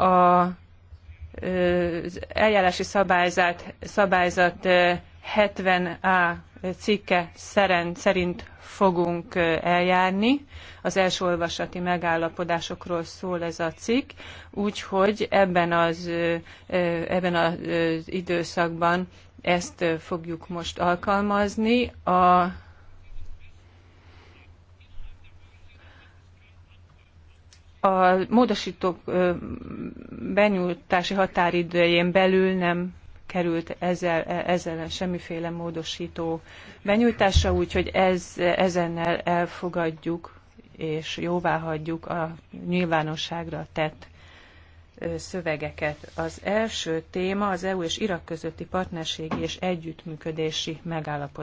a az eljárási szabályzat, szabályzat 70A cikke szerint fogunk eljárni. Az első olvasati megállapodásokról szól ez a cikk, úgyhogy ebben az, ebben az időszakban ezt fogjuk most alkalmazni. A a módosítók benyújtási határidőjén belül nem került ezzel, e, ezzel semmiféle módosító benyújtása, úgyhogy ez, ezennel elfogadjuk és jóváhagyjuk a nyilvánosságra tett szövegeket. Az első téma az EU és Irak közötti partnerségi és együttműködési megállapodás.